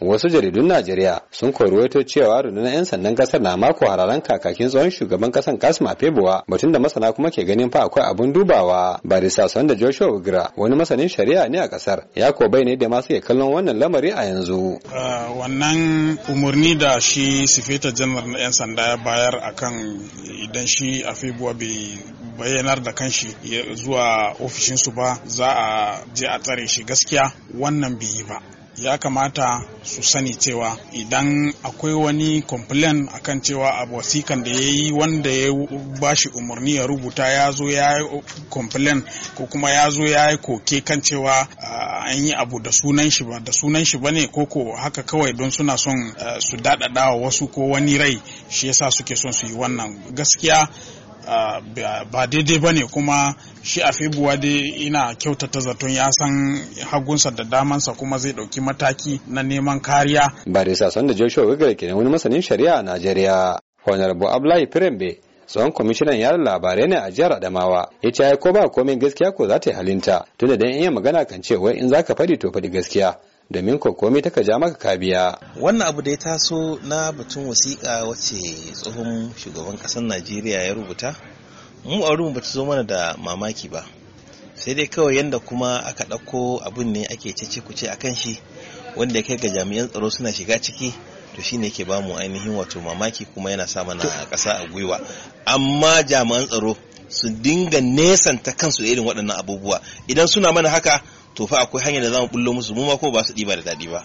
wasu jaridun Najeriya sun koruwaito cewa rundunar 'yan sandan kasar na mako hararan kakakin tsohon shugaban kasan Kasim Afebuwa batun da masana kuma ke ganin fa akwai abun dubawa barisa sanda Joshua Ugra wani masanin shari'a ne a kasar ya ko bai ne da masu suke kallon wannan lamari a yanzu. Uh, wannan umarni da shi sifeta janar na 'yan sanda ya bayar akan idan shi Afebuwa bai bayyanar da kanshi zuwa ofishinsu ba za a je a tsare shi gaskiya wannan bai yi ba ya kamata su sani cewa idan akwai wani complain akan cewa a wasikan da ya yi wanda ya bashi umarni ya rubuta ya zo ya yi complain ko kuma ya zo ya yi koke kan cewa an yi abu da sunan shi ba da sunan shi ba ne ko haka kawai don suna son su daɗaɗa wasu ko wani rai shi yasa suke son su yi wannan gaskiya ba daidai ba ne kuma shi a febuwa dai ina kyautata zaton ya san hagunsa da damansa kuma zai ɗauki mataki na neman kariya. Ba da sa da Joshua Wigar ke wani masanin shari'a a Najeriya. Honorable Abdullahi Firembe tsohon kwamishinan yada labarai ne a jihar adamawa ya ce ko ba komai gaskiya ko za ta yi halinta tunda dan iya magana kan ce cewa in zaka faɗi to faɗi gaskiya domin kokomi ta ja maka kabiya. Wannan abu da ya taso na batun wasiƙa wacce tsohon shugaban ƙasar Najeriya ya rubuta, mu a ba ta zo mana da mamaki ba. Sai dai kawai yadda kuma aka ɗauko abin ne ake cece kuce a kan shi wanda ya kai ga jami'an tsaro suna shiga ciki to shi ne yake ba mu ainihin wato mamaki kuma yana sa mana ƙasa a gwiwa. Amma jami'an tsaro su dinga nesanta kansu irin waɗannan abubuwa idan suna mana haka to fa akwai hanyar da zamu bullo musu mu ma ko ba su diba da daɗi ba